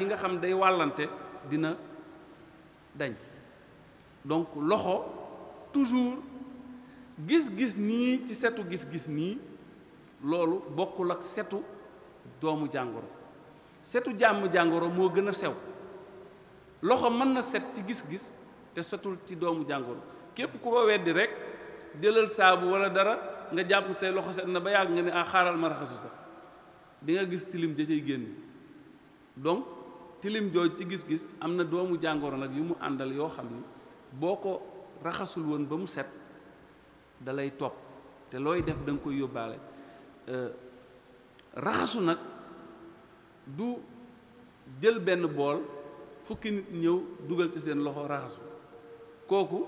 yi nga xam day wàllante dina dañ donc loxo toujours gis-gis nii ci setu gis-gis nii loolu bokkul ak setu doomu jàngoro setu jàmm jàngoro moo gën sew loxo mën na set ci gis-gis te setul ci doomu jàngoro képp ku ko weddi rek jëlal saabu wala dara nga jàpp say loxo set na ba yàgg nga ne ah, xaaral ma raxasu sax di nga gis tilim ja cay génn tilim jooj ci gis-gis am na doomu jàngoro nag yu mu àndal yoo xam ne boo ko raxasul woon ba mu set dalay lay topp te looy def da nga koy yóbbaale euh, raxasu nag du jël benn bool fukki nit ñëw dugal ci seen loxo raxasu kooku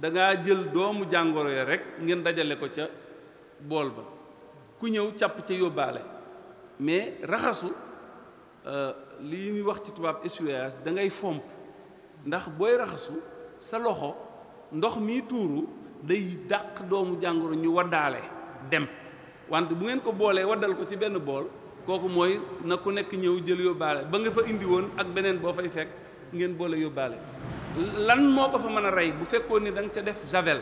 da ngaa jël doomu jàngoro ya rek ngeen dajale ko ca bool ba ku ñëw càpp ca yóbbaale mais raxasu euh, li ñuy wax ci tubaab essuyage da ngay fomp ndax booy raxasu sa loxo ndox mi tuuru day dàq doomu jàngoro ñu waddaale dem wante bu ngeen ko boolee waddal ko ci benn bool kooku mooy na ku nekk ñëw jël yóbbaale ba nga fa indi woon ak beneen boo fay fekk ngeen boole yóbbaale lan moo ko fa mën a rey bu fekkoon ni da ca def javel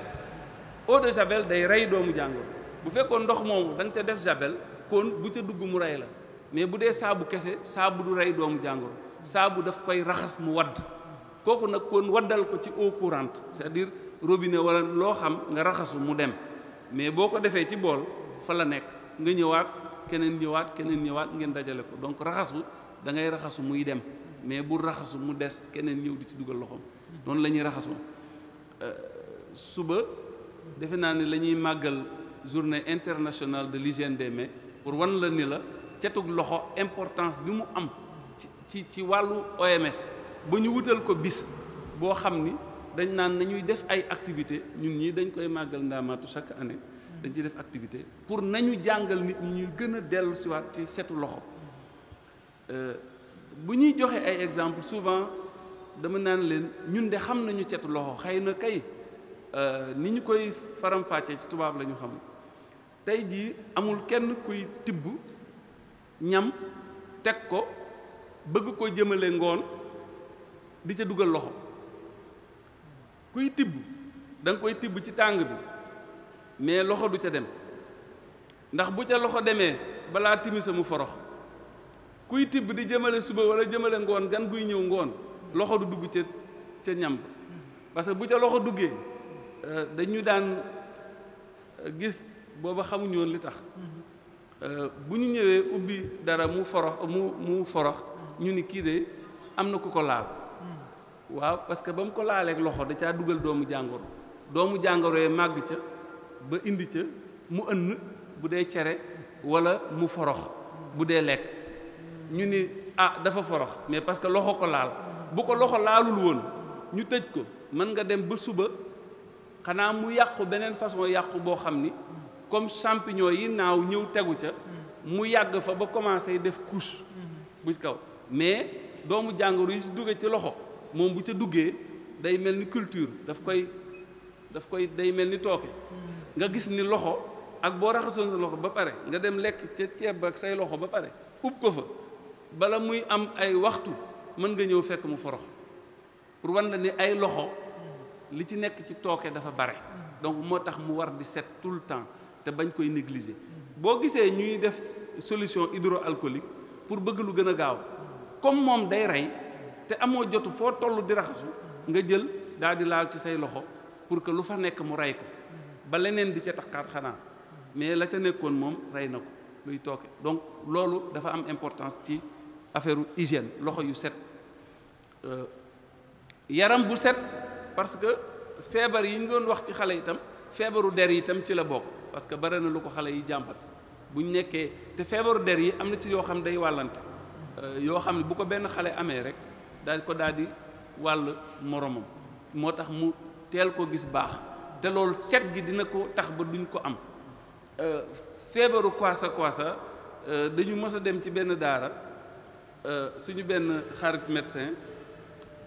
eau de javel day rey doomu jàngoro bu fekkoon ndox moomu da ca def javel kon bu ca dugg mu rey la mais bu dee saabu kese saabu du rey doomu jàngoro saabu daf koy raxas mu wadd kooku nag kon waddal ko ci au courante c'est-à-dire robinet wala loo xam nga raxasu mu dem mais boo ko defee ci bool fa la nekk nga ñëwaat keneen ñëwaat keneen ñëwaat ngeen dajale ko donc raxasu dangay ngay raxasu muy dem mais bu raxasu mu des keneen ñëw di ci dugal loxoom noonu la ñuy raxasoo euh, suba defe naa ne la ñuy màggal journée internationale de l'hygiène des mais pour wan la la setug loxo importance bi mu am ci ci wàllu OMS ba ñu wutal ko bis boo xam ni dañ naan nañuy def ay activité ñun ñii dañ koy màggal ndaamaatu chaque année dañ ciy def activité pour nañu jàngal nit ñi ñu gën a dellu siwaat ci setu loxo euh, bu ñuy joxe ay exemple souvent dama naan leen ñun de xam nañu setu loxo xëy na kay euh, ni ñu koy faram ci tubaab lañu ñu tey jii amul kenn kuy tibb ñam teg ko bëgg ko jëmale ngoon di ca dugal loxo kuy tibb da nga koy tibb ci tàng bi mais loxo du ca dem ndax bu ca loxo demee balaa timi samu forox kuy tibb di jëmale suba wala jëmale ngoon gan guy ñëw ngoon loxo du dugg ca ca ñam parce que bu ca loxo duggee euh, dañu daan euh, gis booba xamuñu woon li tax euh, bu ñu ñëwee ubbi dara mu forox mu mu forox ñu ni kii de am na ku ko laal waaw parce que ba mu ko laaleeg loxo da caa dugal doomu jàngoro doomu jàngoro yee màgg ca ba indi ca mu ënn bu dee cere walla mu forox bu dee lekk ñu ni ah dafa forox mais parce que loxo ko laal bu ko loxo laalul woon ñu tëj ko mën nga dem ba suba xanaa mu yàqu beneen façon yàqu boo xam ni comme champignon yi naaw ñëw tegu ca mu yàgg fa ba commencé def couche bu kaw mais doomu jàngoro yi si duggee ci loxo moom bu ca duggee day mel ni culture daf koy daf koy day mel ni tooke nga gis ni loxo ak boo raxasoon sa loxo ba pare nga dem lekk ca ceeb ak say loxo ba pare ub ko fa bala muy am ay waxtu mën nga ñëw fekk mu forox pour wan la ni ay loxo li ci nekk ci tooke dafa bare donc moo tax mu war di set tout le temps te bañ koy négliger boo gisee ñuy def solution hydroalcoolique pour bëgg lu gën a gaaw comme moom day rey te amoo jotu foo toll di raxasu nga jël daal di laal ci say loxo pour que lu fa nekk mu rey ko ba leneen di ca taxaat xanaa mais la ca nekkoon moom rey na ko luy tooke donc loolu dafa am importance ci affaire hygiène loxo yu set euh, yaram bu set parce que feebar yi ñu doon wax ci xale itam feebaru der itam ci la bokk parce que bare na lu ko xale yi jàmbat buñ nekkee te feebaru der yi am na ci yoo xam day wàllante euh, yoo xam ne bu ko benn xale amee rek daal ko daal di wàll moromam moo tax mu teel ko gis baax te loolu set gi dina ko tax ba duñ ko am euh, feebaru kwasa kwasa euh, dañu mës a dem ci benn daara suñu benn xarit médecin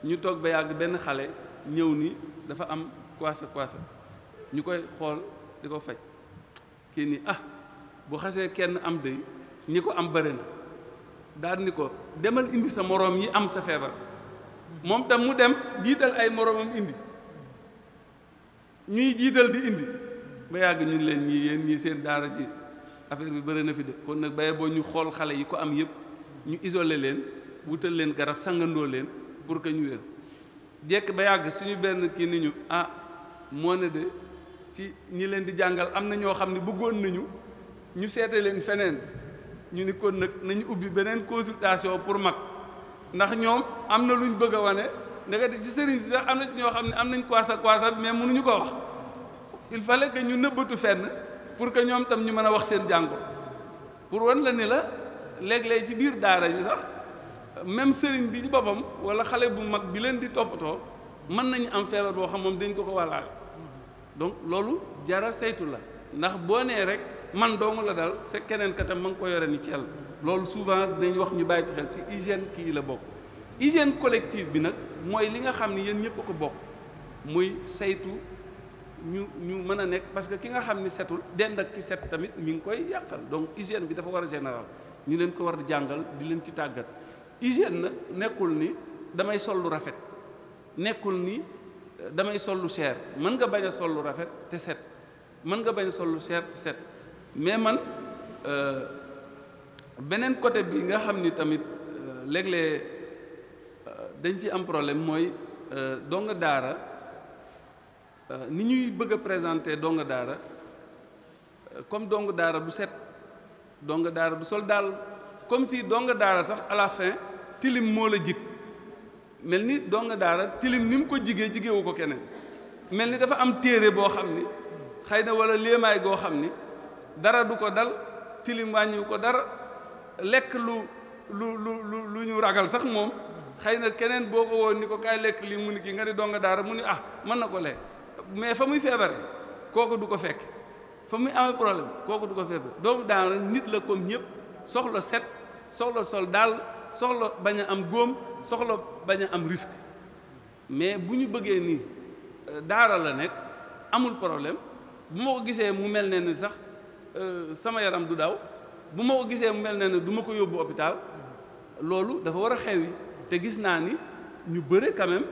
ñu toog ba yàgg benn xale ñëw ni dafa am kwasa kwasa ñu koy xool di ko faj kii ni ah bu xasee kenn am day ñi ko am bëri na daal ni ko demal indi sa moroom yi am sa feebar moom tam mu dem jiital ay moroomam indi ñuy jiital di indi ba yàgg ñun leen ñii yéen ñii seen daara ji affaire bi bëri na fi de kon nag baye boo ñu xool xale yi ko am yépp ñu isole leen wutal leen garab sàngandoo leen pour que ñu wér jekk ba yàgg suñu benn kii ni ñu ah moo ne de ci ñi leen di jàngal am na ñoo xam ne bëggoon nañu ñu seete leen feneen ñu ni kon nag nañu ubbi beneen consultation pour mag ndax ñoom am na luñ bëgg a wane ndekete ci sëriñ si sax am na ci ñoo xam ne am nañ kwaasa kwaasa mais mënuñu ko wax il fallait que ñu nëbbatu fenn pour que ñoom tam ñu mën a wax seen jàngoo pour wan la ni la léeg-léeg ci biir daara yi sax même sëriñ bi ci boppam wala xale bu mag bi leen di toppatoo mën nañu am feebar boo xam moom dañ ko ko walaale donc loolu jara saytu la ndax boo nee rek man doomu la dal fekk keneen ka tam ngi ko yore ni ceel loolu souvent dañ wax ñu bàyyi ci xel ci kii la bokk hygiène collective bi nag mooy li nga xam ni yéen ñëpp ko bokk muy saytu ñu ñu mën a nekk parce que ki nga xam ni setul dend ak ki tamit mi ngi koy yàqal donc hygiène bi dafa war a général ñu leen ko war di jàngal di leen ci tàggat hygiène nag nekkul ni damay sol lu rafet nekkul ni damay sol lu cher mën nga bañ a sol lu rafet te set mën nga bañ sol lu cher te set mais man euh, beneen côté bi nga xam ni tamit euh, léeg-léeg euh, dañ ci am problème mooy donga daara ni ñuy bëgg a présenter donga daara comme donga daara bu set donga daara bu sol daal comme si dong daara sax à tilim moo la jik mel ni donga daara tilim ni mu ko jigee jigeewu ko keneen mel ni dafa am téere boo xam ni xëy na wala léemaay goo xam ni dara du ko dal tilim wàññiwu ko dara lekk lu lu lu lu ñu ragal sax moom xëy na keneen boo ko woon ni ko kaay lekk lii mu ni ki nga ni donga daara mu ni ah mën na ko lekk mais fa muy feebare kooku du ko fekk fa muy amee problème kooku du ko feebare doomu daara nit la comme ñëpp soxla set soxla sol daal soxla bañ a am góom soxla bañ a am risque mais bu ñu bëggee ni euh, daara la nekk amul problème bu ma ko gisee mu mel ne ni sax euh, sama yaram du daw bu ma ko gisee mu mel ne ni du ma ko yóbbu hôpital loolu dafa war a xew yi te gis naa ni ñu bëre quand même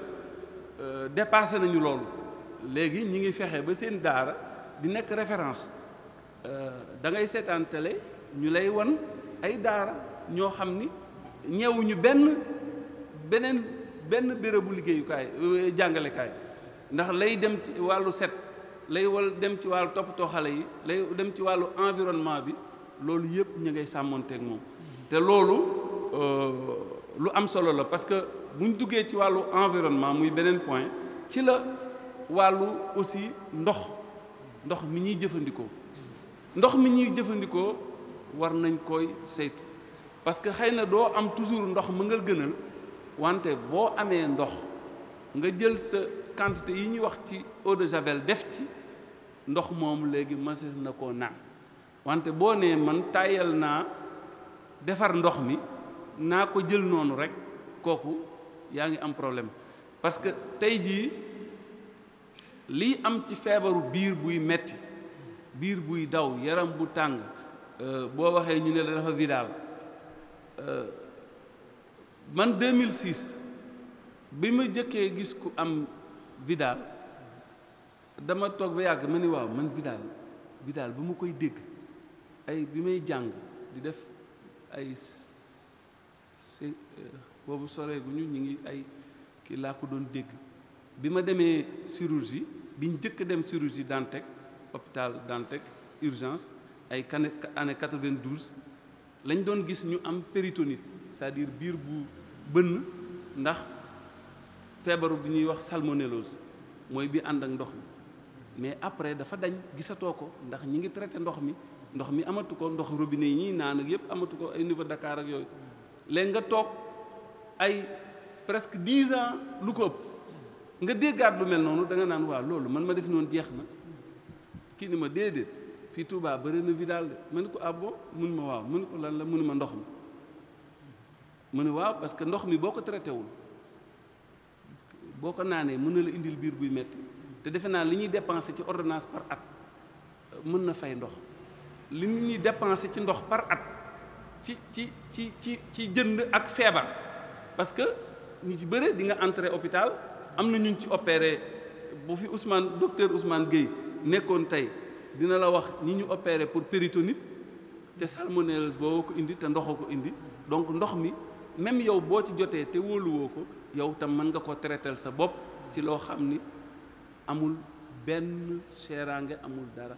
euh, dépassé nañu loolu léegi ñu ngi fexe ba seen daara di nekk référence da ngay seetaan télé ñu lay wan ay daara ñoo xam ni ñeewuñu benn beneen benn bérébu liggéeyukaay euh, jàngalekaay ndax lay dem ci wàllu set lay wal dem ci wàllu toppatoo xale yi lay dem ci wàllu environnement bi loolu yëpp ñu ngay sàmmonteeg moom te loolu euh, lu am solo la parce que bu ñu duggee ci wàllu environnement muy beneen point ci la wàllu aussi ndox ndox mi ñuy jëfandikoo ndox mi ñuy jëfandikoo war nañ koy saytu parce que xëy na doo am toujours ndox mu nga gënal wante boo amee ndox nga jël sa quantité yi ñuy wax ci eau de javel def ci ndox moom léegi mases na ko naan wante boo nee man tàyyal naa defar ndox mi naa ko jël noonu rek kooku yaa ngi am problème parce que tey jii lii am ci feebaru biir buy metti biir buy daw yaram bu tàng euh, boo waxee ñu ne la dafa vidal Euh, man 2006 bi ma jëkkee gis ku am Vidal dama toog ba yàgg ma ni waaw man Vidal Vidal bu ma koy dégg ay bi may jàng di def ay se euh, boobu soreeguñu ñu ngi ay kii laa ko doon dégg bi ma demee chirurgie bi njëkk dem chirurgie Dantec hôpital Dantec urgence ay année 92 lañ doon gis ñu am péritonite c'est-à-dire biir bu bënn ndax feebaru bi ñuy wax salmonellose mooy bi ànd ak ndox mi mais après dafa dañ gisatoo ko ndax ñi ngi traité ndox mi ndox mi amatu ko ndox robine yi ñuy naan ak yëpp amatu ko ay niveau Dakar ak yooyu léegi nga toog ay presque dix ans lu ko ëpp nga déggaat lu mel noonu da nga naan waa loolu man ma def noonu jeex na kii ni ma déedéet fii Touba bëri na Vidal de ma ne ko ah bon mun ma waaw mun ko lan la munuma ndox mi mu ne waaw parce que ndox mi boo ko traité wul boo ko naanee mën na la indil biir buy metti te defe naa li ñuy dépensé ci ordonnance par at euh, mën na fay ndox li ñuy dépensé ci ndox par at ci ci ci ci ci jënd ak feebar parce que ñu ci bëri di nga entrer hôpital am na ñu ci opéré bu fi Ousmane docteur Ousmane Gueye nekkoon tey. dina la wax ni ñu opéré pour péritonite te salmonellose boo ko indi te ndox ko indi donc ndox mi même yow boo ci jotee te wóoluwoo ko yow tam mën nga ko traiter sa bopp ci loo xam ni amul benn seeraange amul dara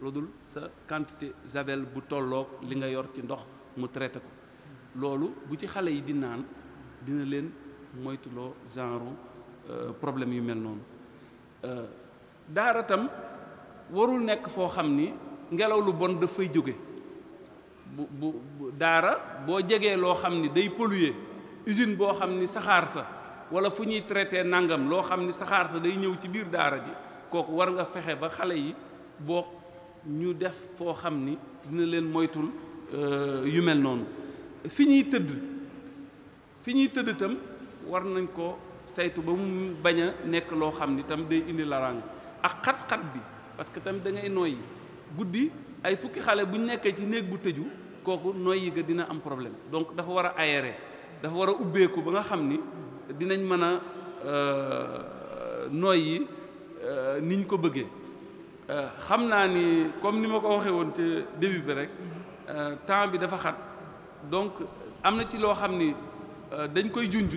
lu dul sa quantité javel bu tollook li nga yor ci ndox mu traiter ko loolu bu ci xale yi di naan dina leen moytuloo genre euh, problème yu mel noonu euh, daara tam warul nekk foo xam ni ngelaw lu bon dafay jóge bu bu daara boo jegee loo xam ni day polluer usine boo xam ni saxaar sa wala fu ñuy traité nangam loo xam ni saxaar sa day ñëw ci biir daara ji kooku war nga fexe ba xale yi book ñu def foo xam ni dina leen moytul euh, yu mel noonu fi ñuy tëdd fi ñuy tëdd itam war nañ ko saytu ba mu bañ a nekk loo xam ni tam day indi larang ak xat-xat bi parce que tamit da ngay noyyi guddi ay fukki xale bu ñu nekkee ci néeg bu tëju kooku yi ga dina am problème donc dafa war a aéré dafa war a ubbeeku ba nga xam ni dinañ mën a euh, noyyi euh, niñ ko bëggee euh, xam naa ni comme ni ma ko waxee woon ci début bi rek temps bi dafa xat donc am na ci loo xam ni dañ koy junj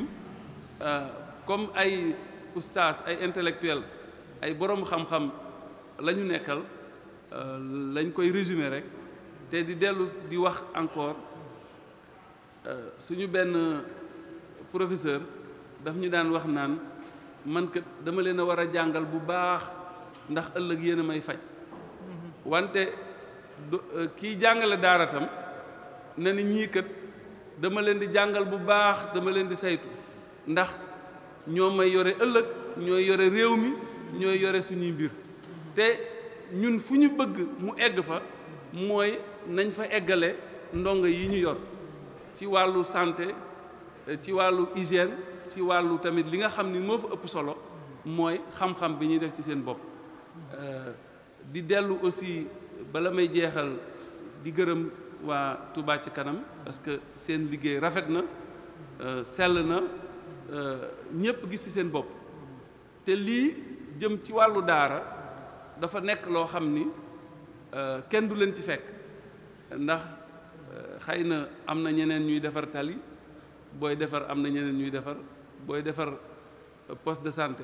comme ay ustaas ay intellectuel ay borom xam-xam. la ñu nekkal euh, lañ koy résumer rek te di dellu di wax encore euh, suñu benn professeur daf ñu daan wax naan man kat dama leen a war a jàngal bu baax ndax ëllëg yéen may faj wante euh, kiy jàngale daaratam tam na ni ñii kat dama leen di jàngal bu baax dama leen di saytu ndax ñoo may yore ëllëg ñooy yore réew mi ñooy yore suñuy mbir te ñun fu ñu bëgg mu egg fa mooy nañ fa eggale ndongo yi ñu yor ci wàllu santé ci wàllu hygiène ci wàllu tamit li nga xam ni moo fa ëpp solo mooy xam-xam bi ñuy def ci seen bopp euh, di dellu aussi bala may jeexal di gërëm waa Touba ci kanam parce que seen liggéey rafet na euh, sel na euh, ñëpp gis ci seen bopp te lii jëm ci wàllu daara dafa nekk loo xam ni euh, kenn du leen ci fekk ndax euh, xëy na am na ñeneen ñuy defar tali booy defar am na ñeneen ñuy defar booy defar euh, poste de santé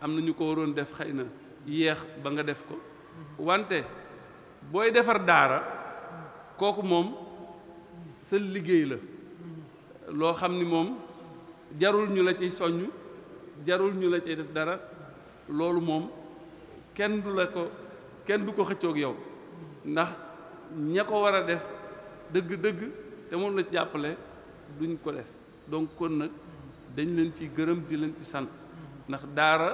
am na ñu ko waroon def xëy na yéex ba nga def ko wante booy defar daara kooku moom sa liggéey la loo xam ni moom jarul ñu la ciy soññ jarul ñu la ciy def dara loolu moom kenn du la ko kenn du ko xëccoog yow ndax ña ko war a def dëgg-dëgg te moom la jàppale duñ ko def donc kon nag dañ leen ci gërëm di leen ci sant ndax daara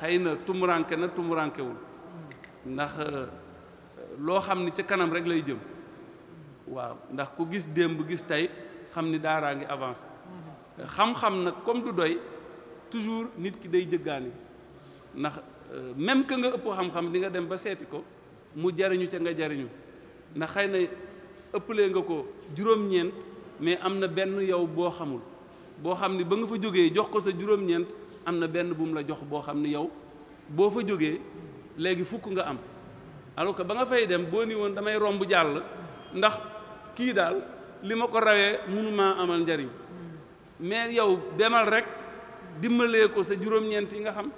xëy na tumuranke na tumurankewul ndax euh, loo xam ni ca kanam rek lay jëm waaw ndax ku gis démb gis tey xam ni daaraa ngi avancé mm-hmm. xam-xam nag comme du doy toujours nit ki day jëggaani ndax Euh, même que nga ëpp xam-xam di nga dem ba seeti ko mu jariñu ca nga jariñu ndax xëy na ëpple nga ko juróom-ñeent mais am na benn yow boo xamul boo xam ni ba nga fa jógee jox ko sa juróom-ñeent am na benn bu la jox boo xam ni yow boo fa jógee léegi fukk nga am alors que ba nga fay dem boo ni woon damay romb jàll ndax kii daal li ma ko rawee mënumaa amal njariñ mais yow demal rek dimbalee ko sa juróom-ñeent yi nga xam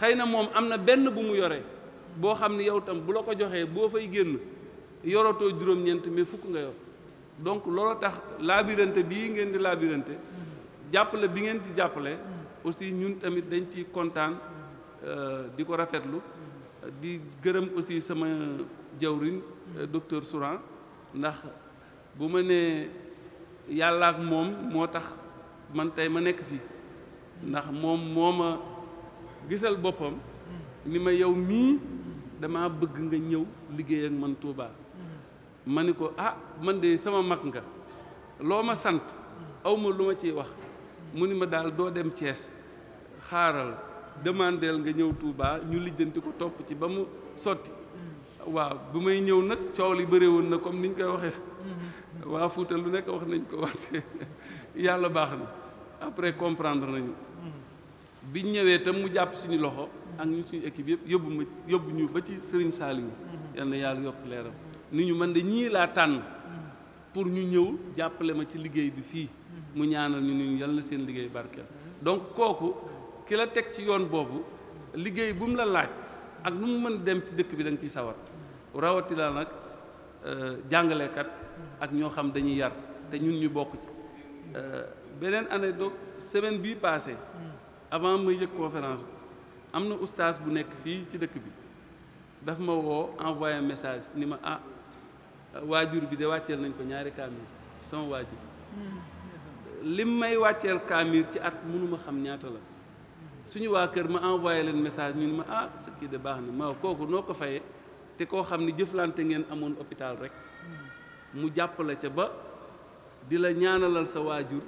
xëy na moom am na benn bu mu yoree boo xam ni yow tam bu la ko joxee boo fay génn yorotoo juróom-ñeent mais fukk nga yor donc loolu tax laabirante bii ngeen di laabirante jàppale bi ngeen di jàppale aussi ñun tamit dañ ci kontaan euh, di ko rafetlu di gërëm aussi sama jawriñ euh, docteur Souran ndax bu ma nee yàlla ak moom moo tax man tey ma nekk fii ndax moom moo gisal boppam ni ma yow mii dama bëgg nga ñëw liggéey ak man Touba ma ni ko ah man de sama mag nga loo ma sant awma ma lu ma ciy wax mu ni ma daal doo dem cees xaaral demandeel nga ñëw tuubaa ñu lijjanti ko topp ci ba mu sotti waaw bu may ñëw nag coow li bëre woon na comme niñ koy waxee mm-hmm. waa Fuuta lu nekk wax nañ ko wante yàlla baax na après comprendre nañu biñ ñëwee tam mu jàpp suñu loxo ak ñu suñu équipe yëpp yóbbu ñu ba ci sëriñ Saliou yal na yàlla yokk leeram ni ñu man de ñii laa tànn pour ñu ñëw jàppale ma ci liggéey bi fii mu ñaanal ñu ni yal seen liggéey barkeel donc kooku ki la teg ci yoon boobu liggéey bu mu la laaj ak nu mu mën dem ci dëkk bi danga ciy sawar rawatina nag euh, jàngalekat ak ñoo xam dañuy yar te ñun ñu bokk ci euh, beneen année donc bii passé avant may yëg conférence bi am na oustaz bu nekk fii ci dëkk bi daf ma woo envoyé message ni ma ah waajur bi de wàcceel nañ ko ñaari kaamir sama waajur lim may wàcceel kaamir ci at mënuma xam ñaata la suñu waa kër ma envoyé leen message ñu ni ma ah sa de baax na ma kooku noo ko fayee te koo xam ne jëflante ngeen amoon hôpital rek mu jàpp la ca ba di la ñaanalal sa waajur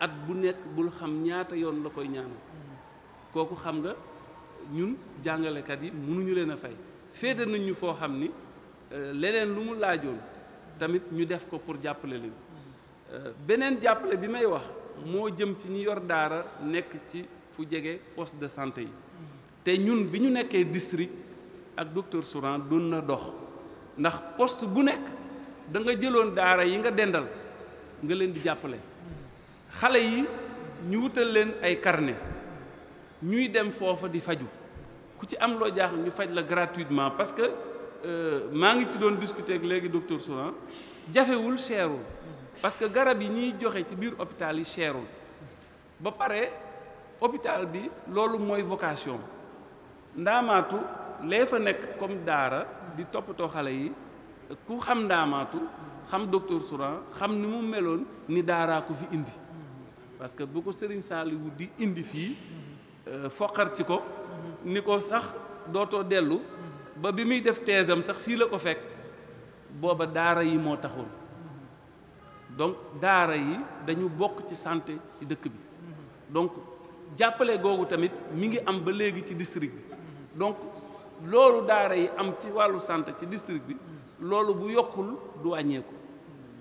at bu nekk bul xam ñaata yoon la koy ñaanal kooku xam nga ñun jàngalekat yi mënuñu leen a fay féete nañ ñu foo xam ni euh, leneen lu mu laajoon tamit ñu def ko pour jàppale leen euh, beneen jàppale bi may wax moo jëm ci ñi yor daara nekk ci fu jege poste de santé yi te ñun bi ñu nekkee district ak docteur Souran doon na dox ndax post bu nekk da nga jëloon daara yi nga dendal nga leen di jàppale xale yi ñu wutal leen ay carnet ñuy dem foofa di faju ku ci am loo jaax ñu faj la gratuitement parce que euh, maa ngi ci doon discuter léegi docteur Souran ah, jafewul cherul parce que garab yi ñuy joxe ci biir hôpital yi cherul ba pare hôpital bi loolu mooy vocation ndaamaatu lee fa nekk comme daara di toppatoo xale yi ku xam ndaamaatu xam docteur Souran ah, xam ni mu meloon ni daaraa ko fi indi parce que bu ko Serigne Saliou di indi fii Euh, foqar ci ko ni ko sax dootoo dellu ba bi muy def teesam sax fii la ko fekk booba daara yi moo taxoon donc daara yi dañu bokk ci santé ci dëkk bi donc jàppale googu tamit mi ngi am ba léegi ci district bi donc loolu daara yi am ci wàllu santé ci district bi loolu bu yokkul du wàññeeku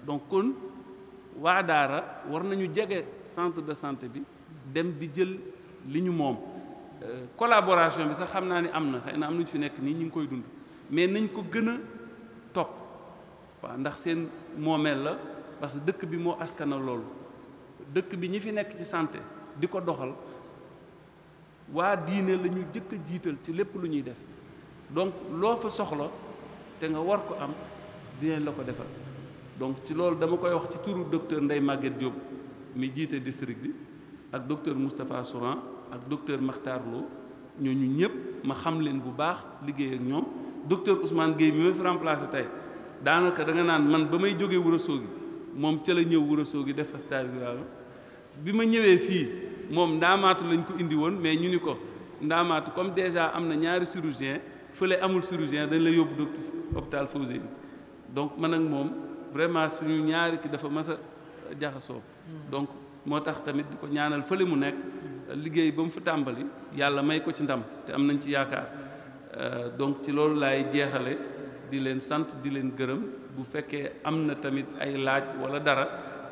donc kon waa daara war nañu jege centre de santé bi dem di jël li ñu moom euh, collaboration bi sax xam naa ni am na xëy na am nañu fi nekk nii ñu ngi koy dund mais nañ ko gën a topp waaw ndax seen moomeel la parce que dëkk bi moo askana loolu dëkk bi ñi fi nekk ci sante di ko doxal waa diine la ñu jëkk jiital ci lépp lu ñuy def donc loo fa soxla te nga war ko am dinañ la ko defal donc ci loolu dama koy wax ci turu docteur ndey Maguette Diop mi jiite district bi ak docteur Moustapha Souran ak docteur Makhtar Lo ñooñu ñëpp ma xam leen bu baax liggéey ak ñoom docteur Ousmane Gueye mi ma fi remplacé tey daanaka da naan man ba may jógee Ourossogui moom ca la ñëw Ourossogui def fa stage rural bi ma ñëwee fii moom ndaamaatu lañ ko indi woon mais ñu ni ko ndaamaatu comme déjà am na ñaari chirurgien fële amul chirurgien dañ la yóbbu docteur hôpital Fawzeyni donc mën ak moom vraiment suñu ñaari ki dafa mas a jaxasoo hmm. donc moo tax tamit di ko ñaanal fële mu nekk liggéey ba mu fa tàmbali yàlla may ko ci ndam te am nañ ci yaakaar euh, donc ci loolu laay jeexale di leen sant di leen gërëm bu fekkee am na tamit ay laaj wala dara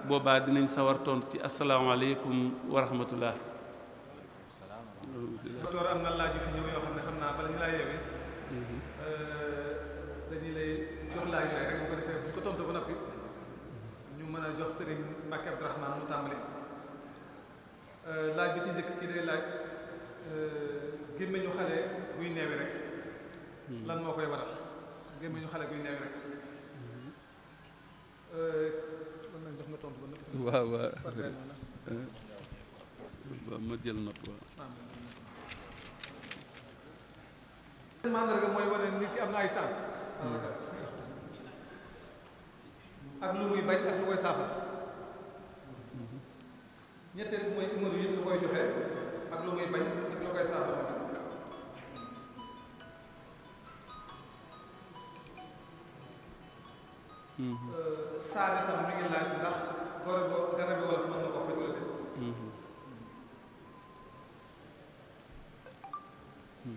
boobaa dinañ sawar tontu ci asalaamaaleykum wa rahmatullah. Euh, laaj bi ci njëkk ki day laaj euh, gémmiñu xale buy neewi rek hmm. lan moo koy waral gémmiñu xale buy neewi rek hmm. euh, nga tontu ba noppi waaw waaw ma jël note waaw ah, mandarga am na ay saan hmm. ak lu muy bañ ak lu koy saafara ñetteel mooy numéro yi lu koy joxe ak lu muy bañ lu koy saafara mhm. euh, saare tam ngi laaj ndax gore bo garab yi wala ko faj wala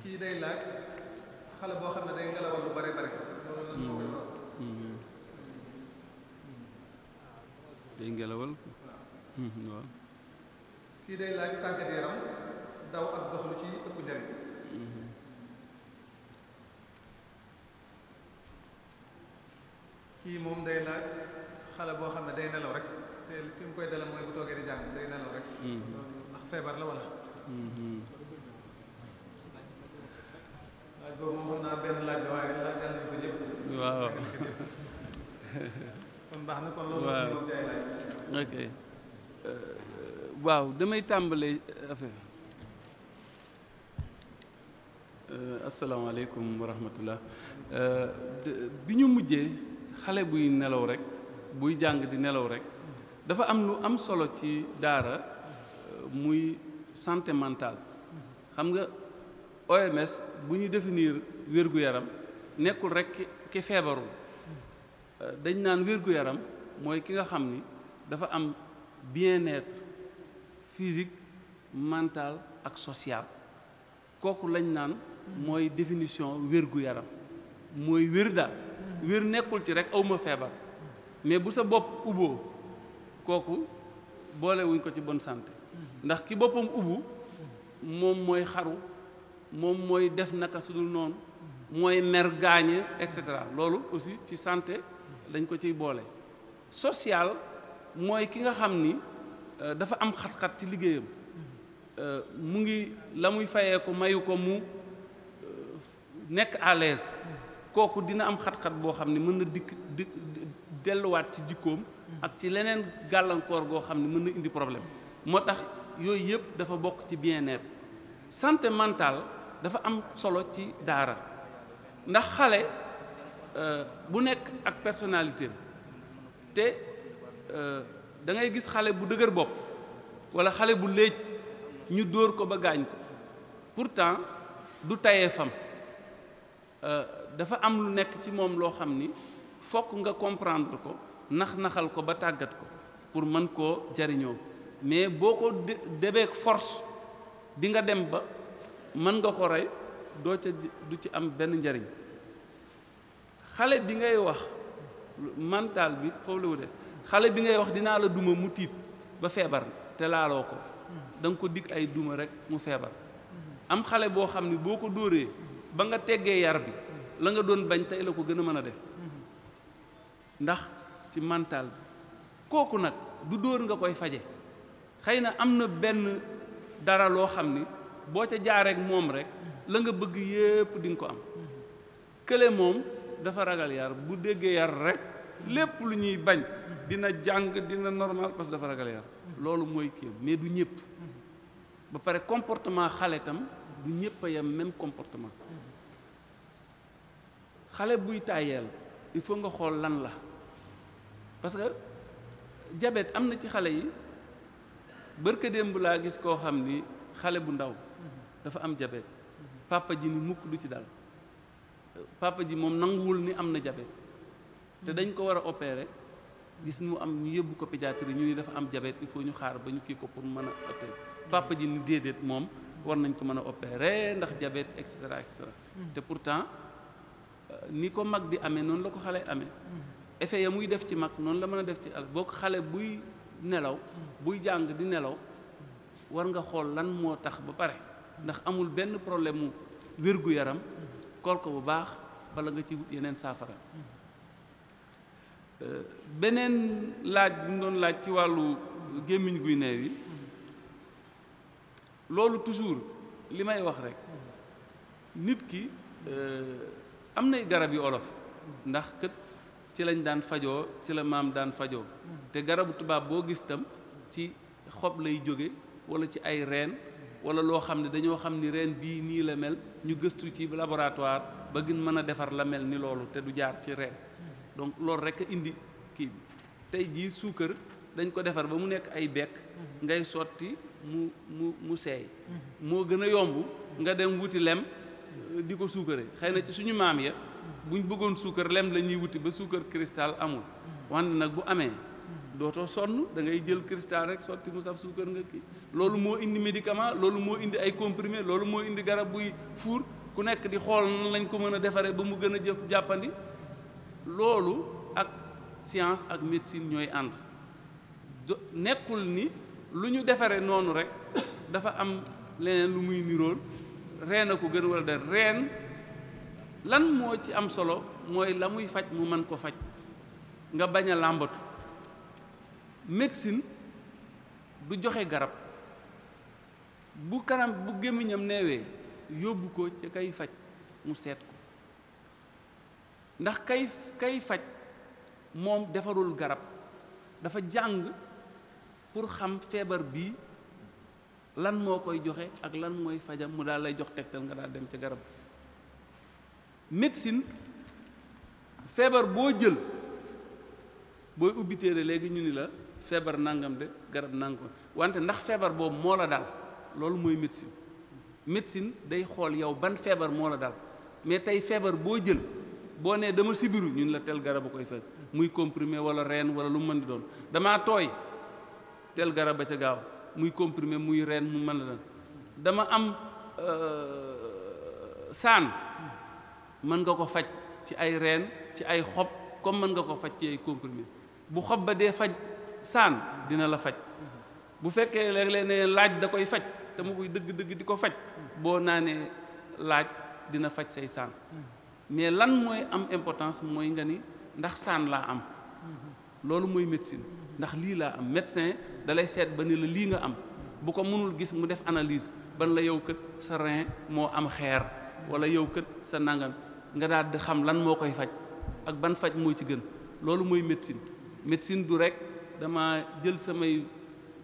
kii day laaj xale boo xam ne day ngelawal lu bare bare mhm. Mhm. day ngelawal waaw kii day laaj tàggat yaram daw ak dox ci ëpp njariñ kii moom day laaj xale boo xam ne day nelaw rek te fi mu koy dalal mooy bu toogee di jàng day nelaw rek ndax feebar la wala laaj boobu moom naa benn laaj la waaye laajal nañ ko ñëpp waaw kon baax na kon loolu moom ci ay laaj ok euh, waaw damay tàmbale euh, affaire euh, asalaamaaleykum wa rahmatullah euh, bi ñu mujjee xale buy nelaw rek buy jàng di nelaw rek dafa am lu am solo ci daara muy santé mentale xam nga OMS bu ñu définir wér-gu-yaram nekkul rek ki feebarul dañ naan wér-gu-yaram mooy ki nga xam ni dafa am bien-être physique mental ak social kooku lañ naan mooy définition wér-gu-yaram mooy wér daal wér nekkul ci rek awma feebar mais bu sa bopp uboo kooku boolewuñ ko ci bon santé ndax ki boppam ubu moom mooy xaru moom mooy def naka su dul noonu mooy mer gaañe et cetera loolu aussi ci santé dañ ko ciy boole social mooy ki nga xam ni Euh, dafa am xat-xat ci liggéeyam euh, mu ngi la muy fayee ko mayu ko mu euh, nekk à l'aise kooku dina am xat-xat boo xam ne mën na dikk di delluwaat ci jikkoom ak ci leneen gàllankoor goo xam ne mën na indi problème moo tax yooyu yëpp dafa bokk ci bien-être santé mentale dafa am solo ci daara ndax xale bu nekk ak personnalité te da ngay gis xale bu dëgër bopp wala xale bu léej ñu dóor ko ba gaañ ko pourtant du tayee fam euh, dafa am lu nekk ci moom loo xam ni fokk nga comprendre ko nax-naxal ko ba tàggat ko pour mën koo jariñoo mais boo ko debeek force dinga dem ba mën nga ko rey doo ca du ci am benn njariñ xale bi ngay wax mental bi foofu la wute xale bi ngay wax dinaa la duma mu tiit ba feebar te laaloo ko da nga ko digg ay duma rekk mu feebar am xale boo xam ne boo ko dóoree ba nga teggee yar bi la nga doon bañ tey la ko gën a mën a def ndax ci mental bi kooku nag du dóor nga koy faje xëy na am na benn dara loo xam ni boo ca jaareek moom rek la nga bëgg yépp di nga ko am kële moom dafa ragal yar bu déggee yar rek lépp lu ñuy bañ dina jàng dina normal parce dafa ragal loolu mooy kéem mais du ñëpp ba pare comportement xale tam du ñëpp a yem même comportement xale buy tàyyeel il faut nga xool lan la parce que diabète am na ci xale yi bërka démb laa gis koo xam ni xale bu ndaw dafa am diabète papa ji ni mukk du ci dal papa ji moom nanguwul ni am na diabète te dañ ko war a opérer gis mu am ñu yóbbu ko pédiatrie ñu ni dafa am diabète il faut ñu xaar ba ñu kii ko pour mën a opérer papa ji ni déedéet moom war nañ ko mën a opérer ndax diabète et cetera et cetera mm. te pourtant euh, ni ko mag di amee noonu la ko xale amee mm. effet ya muy def ci mag noonu la mën a def ci al boo ko xale buy nelaw mm. buy jàng di nelaw war nga xool lan moo tax ba pare ndax amul benn problème mu wér-gu-yaram kool ko bu baax bala nga ci wut yeneen saafara beneen laaj bu mu doon laaj ci wàllu gémmiñ guy neew yi loolu toujours li may wax rek nit ki euh, am nay garab yu olof ndax kët ci lañ daan fajoo ci la maam daan fajoo te garabu tubaab boo gis tam ci xob lay jóge walla ci ay reen walla loo xam ne dañoo xam ni reen bii nii la mel ñu gëstu ci laboratoire ba gën mën a defar la mel ni loolu te du jaar ci reen donc loolu rek indi kii bi tey jii suukar dañ ko defar ba mu nekk ay bekk mhm. ngay sotti mu mu mu seey mhm. moo gën a yomb nga dem wuti lem mhm. di ko suukare xëy na ci suñu maam ya buñ bëggoon suukar lem la ñuy wuti ba suukar cristal amul wante nag bu amee dootoo sonn da ngay jël cristal rek sotti mu saf suukar nga kii loolu moo indi médicament loolu moo indi ay comprimé loolu moo indi garab buy fuur ku nekk di xool nan lañ ko mën a defaree ba mu gën a jëpp jàppandi loolu ak science ak médecine ñooy ànd nekkul ni lu ñu defaree noonu rek dafa am leneen lu muy nirool reen a ko gën wala de reen lan moo ci am solo mooy la muy faj mu mën ko faj nga bañ a làmbatu médecine du joxe garab bu kanam bu gémmiñam neewee yóbbu ko ca kay faj mu seet ndax kay kay faj moom defarul garab dafa jàng pour xam feebar bii lan moo koy joxe ak lan mooy fajam mu daal lay jox tegtal nga daal dem ca garab médecine feebar boo jël booy ubbi téere léegi ñu ni la feebar nangam de garab nangam wante ndax feebar boobu moo la dal loolu mooy médecine médecine day xool yow ban feebar moo la dal mais tey feebar boo jël boo nee dama sibiru ñun la tel garab a koy faj muy comprimé wala reen wala lu mu mën di doon damaa tooy tel garab a ca gaaw muy comprimé muy reen mu mën la doon dama am euh, saan mën nga ko faj ci ay reen ci ay xob comme mën nga ko faj ci ay comprimé bu xob ba dee faj saan dina la faj bu fekkee léeg-léeg laaj da koy faj te mu koy dëgg-dëgg di ko faj boo naanee laaj dina faj say saan mais lan mooy am importance mooy nga ni ndax saan laa am loolu mooy médecine ndax lii laa am médecin dalay seet ba ni la lii nga am bu ko mënul gis mu def analyse ban la yow kët sa rein moo am xeer wala yow kët sa nangam nga daal di xam lan moo koy faj ak ban faj mooy ci gën loolu mooy médecine médecine du rek dama jël samay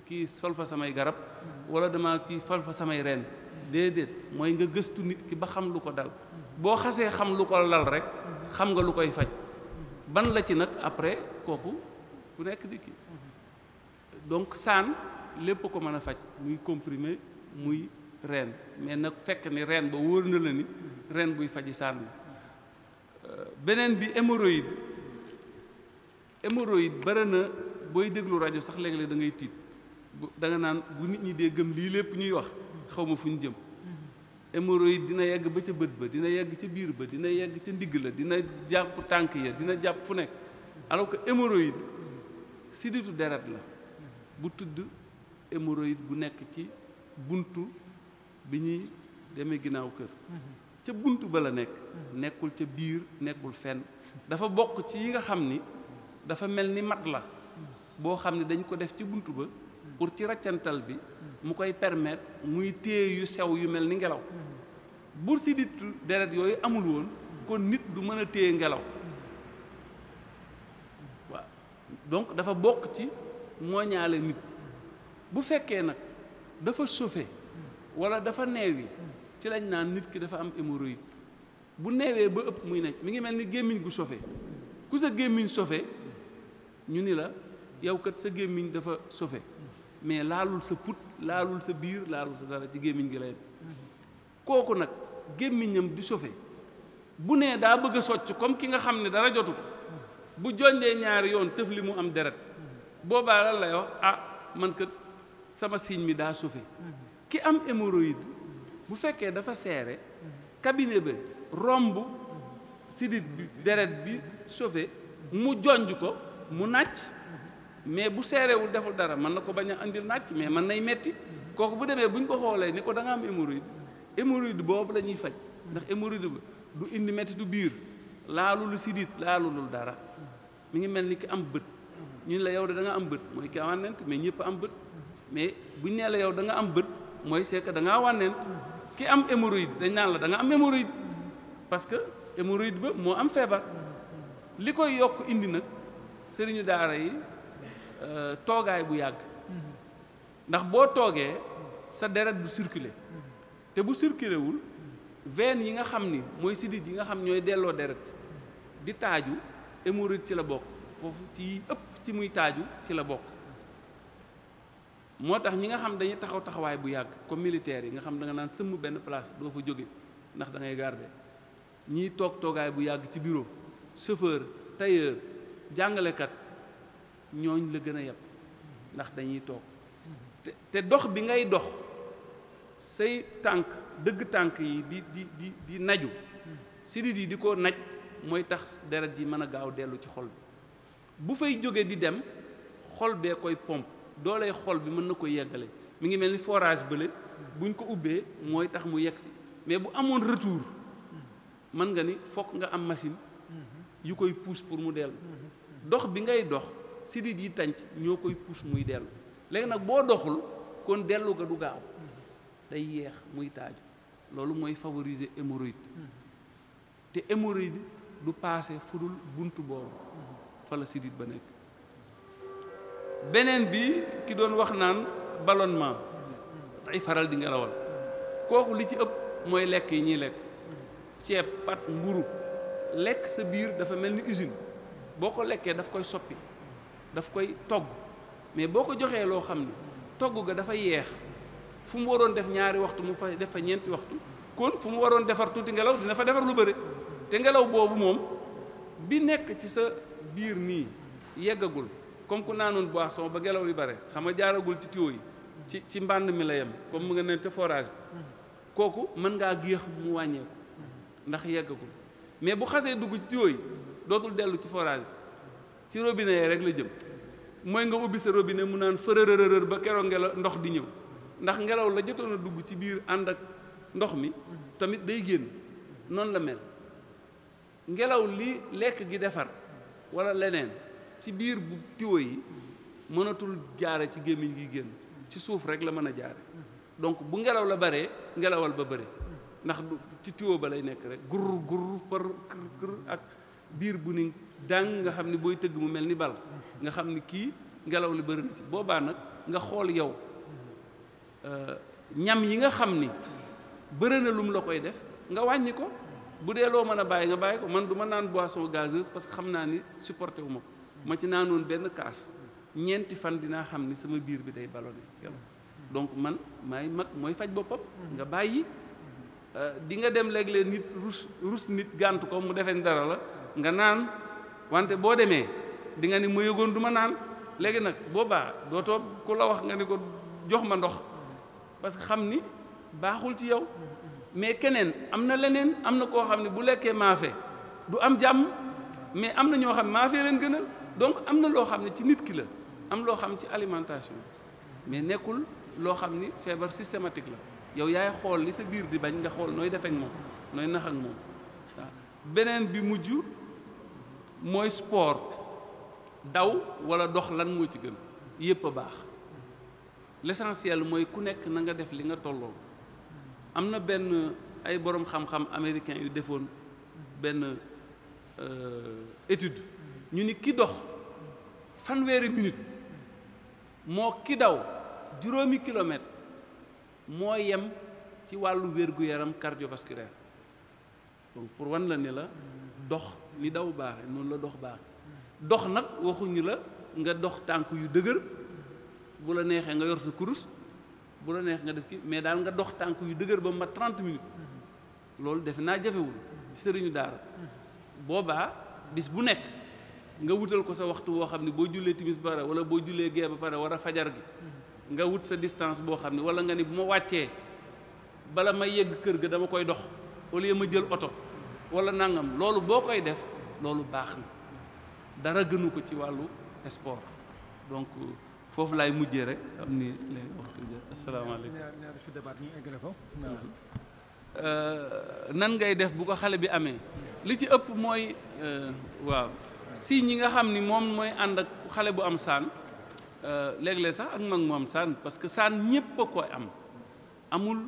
kii sol fa samay garab wala dama kii sol fa samay reen déedéet mooy nga gëstu nit ki ba xam lu ko dal boo xasee xam lu ko lal rek xam nga lu koy faj ban la ci nag après kooku bu nekk di donc saan lépp ko mën a faj muy comprimer muy reen mais nag fekk ni reen ba wóor na la ni reen buy faji saan la euh, beneen bi hémorroïde hémorroïde bare na booy déglu rajo sax léeg-léeg da ngay tiit da nga naan bu nit ñi dee gëm lii lépp ñuy wax xaw ma fu ñu jëm hémorroïde dina yegg ba ca bët ba dina yegg ca biir ba dina yegg ca ndigg la dina jàpp tànk ya dina jàpp fu nekk alors que hémorroïde siditu deret la bu tudd hémorroïde bu nekk ci bunt bi ñuy demee ginnaaw kër ca buntu ba la nekk nekkul ca biir nekkul fenn dafa bokk ci yi nga xam ni dafa mel ni mat la boo xam ne dañ ko def ca bunt ba pour ci raccantal bi mu koy permettre muy téye yu sew yu mel ni ngelaw buur si dit deret yooyu amul woon kon nit du mën a téye ngelaw waaw donc dafa bokk ci mooñaale nit bu fekkee nag dafa chauffé wala dafa neewi ci lañ naan nit ki dafa am hémorroïde bu neewee ba ëpp muy nekk mi ngi mel ni gémmiñ gu chauffé ku sa gémmiñ chauffé ñu ni la yow kat sa gémmiñ dafa chauffé mais laalul sa put laalul sa biir laalul sa dara ci gémmiñ gi lay kooku nag gémmiñam di sofe bu nee daa bëgg a socc comme ki nga xam ne dara jotu ko bu jonjee ñaari yoon tëf li mu am deret boobaa lan lay wax ah man kat sama signe mi daa sofe ki am hémorroïde bu fekkee dafa seere cabinet ba romb sidit bi deret bi sofe mu jonj ko mu nàcc mais bu seerewul deful dara mën na ko bañ a indil nàcc mais mën nay metti kooku bu demee bu ñu ko xoolee ni ko da nga am hémorroïde hémorroïde boobu la ñuy faj ndax hémorroïde ba du indi mettitu biir laalul sidit lul dara mu ngi mel ni ki am bët ñu la yow de da nga am bët mooy ki wànnent mais ñëpp am bët mais buñ nee yow da nga am bët mooy c'est da ngaa wànnent ki am hémorroïde dañ naan la da nga am hémorroïde parce que hémorroïde ba moo am feebar li koy yokk indi nag sëriñu daara yi Euh, toogaay bu yàgg ndax boo toogee sa deret du circuler te bu circuler wul veine yi nga xam ni mooy sidit yi nga xam ñooy delloo deret di taaju hémorroïde ci la bokk foofu ci ëpp ci muy taaju ci la bokk moo tax ñi nga xam dañu taxaw taxawaay bu yàgg comme militaire yi nga xam da nga naan sëmm benn place doo fa jóge ndax da ngay garder ñiy toog toogaay bu yàgg ci bureau chauffeur tailleur jàngalekat ñooñ la gën a yab ndax dañuy toog te dox bi ngay dox say tànk dëgg tànk yi di di di di naju sidit yi di ko naj mooy tax deret ji mën a gaaw dellu ci xol bi bu fay jógee di dem xol bee koy pompe dooley xol bi mën na ko yeggale mi ngi mel ni forage bële buñ ko ubbee mooy tax mu yegg si mais bu amoon retour mën nga ni fokk nga am machine yu koy pousse pour mu dellu dox bi ngay dox sidit yi tànc ñoo koy pousse muy dellu léegi nag boo doxul kon dellu ga du gaaw day yeex muy taaju loolu mooy favoriser hémorroïde te hémorroïde du paase fudul buntu boobu fa la sidit ba nekk beneen bi ki doon wax naan ballonnement ay faral di ngelawal kooku li ci ëpp mooy lekk yi ñuy lekk ceeb pat mburu lekk sa biir dafa mel ni usine boo ko lekkee daf koy soppi daf koy togg mais boo ko joxee loo xam ne togg ga dafa yeex fu mu waroon def ñaari waxtu mu fa def fa ñeenti waxtu kon fu mu waroon defar tuuti ngelaw dina fa defar lu bëri te ngelaw boobu moom bi nekk ci sa biir nii yeggagul comme ku naanoon boisson ba ngelaw li bare xam jaaragul ci tuyau yi ci ci mbànd mi la yem comme mu nga ne te forage bi kooku mën ngaa géex mu wàññeeku ndax yeggagul mais bu xasee dugg ci tuyau yi dootul dellu ci forage ci robinet rek la jëm mooy nga ubbi sa robinet mu naan fërërërër ba kero ngelaw ndox di ñëw ndax ngelaw la jotoon a dugg ci biir ànd ak ndox mi tamit day génn noonu la mel ngelaw li lekk gi defar walla leneen ci biir bu tiwo yi mënatul jaare ci gémmiñ gi génn ci suuf rekk la mën a jaare donc bu ngelaw la baree ngelawal ba bëri ndax ci tiwo ba lay nekk rekk gur gur par kër kër ak biir bu ni dàng nga xam ni booy tëgg mu mel ni bal nga xam ni kii ngelaw li bëri na boobaa nag nga xool yow euh, ñam yi nga xam ni bëri na lum la koy def nga wàññi ko bu dee loo mën a bàyyi nga bàyyi ko man du ma naan boison gazeuse parce que xam naa ni supporté wu ko ma ci naanoon benn kaas ñeenti fan dinaa xam ni sama biir bi day ballonné donc man maay mag mooy faj boppam nga bàyyi euh, di nga dem léeg nit rus rus nit gàntu ko mu defee ni dara la nga naan wante boo demee di nga ni ma yëgoon du ma naan léegi nag boobaa dootoo ku la wax nga ni ko jox ma ndox parce que xam ni baaxul ci yow mais keneen am na leneen am na koo xam ne bu lekkee maafe du am jàmm mais am na ñoo xam ne maafe leen gënal donc am na loo xam ne ci nit ki la am loo xam ci alimentation mais nekkul loo xam ni feebar systématique la yow yaay xool li sa biir di bañ nga xool nooy defek moom nooy nax ak moom waaw beneen bi mujj mooy sport daw walla dox lan moo ci gën yépp a baax l'essentiel mooy ku nekk na nga def li nga tolloo am na benn ay boroom xam-xam américain yu defoon benn euh, étude ñu ni ki dox fanweeri minute moo ki daw juróomi kilomètre moo yem ci wàllu wér-gu-yaram cardiovasculaire donc pour wan la ne la dox li daw baaxe noonu la dox baaxe dox nag waxuñu la nga dox tànk yu dëgër bu la neexee nga yor sa kurus bu la neex nga def ki mais daal nga dox tànk yu dëgër ba mat 30 minutes loolu defe naa jafewul ci sëriñu daara boobaa bis bu nekk nga wutal ko sa waxtu woo xam ne boo jullee timis ba pare wala boo jullee gee ba pare war a fajar gi nga wut sa distance boo xam ne wala nga ne bu ma wàccee bala ma yegg kër ga dama koy dox au lieu ma jël oto wala nangam loolu boo koy def loolu baax na dara gënu ko ci wàllu sport donc foofu lay mujjee rek am ni léegi waxtu bi asalaamaaleykum euh, nan ngay def bu ko xale bi amee li ci ëpp mooy euh, waaw si ñi nga xam ni moom mooy ànd ak xale bu am saan euh, léeg-léeg sax ak mag mu am saan parce que saan ñépp a koy am amul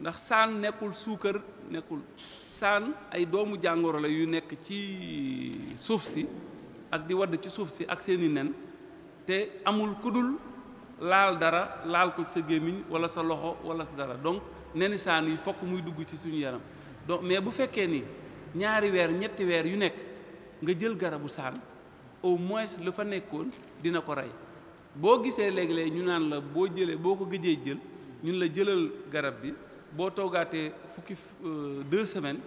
ndax saan nekkul suukar nekkul saan ay doomu jàngoro la yu nekk ci suuf si ak di wadd ci suuf si ak seeni nen te amul kudul laal dara laal ko sa gémmiñ wala sa loxo wala sa dara donc neni saan yi fokk muy dugg ci suñu yaram donc mais bu fekkee ni ñaari weer ñetti weer yu nekk nga jël garabu saan au moins lu fa nekkoon dina ko rey boo gisee léeg ñu naan la boo jëlee boo ko gëjee jël ñun la jëlal garab bi boo toogaatee fukki euh, deux semaines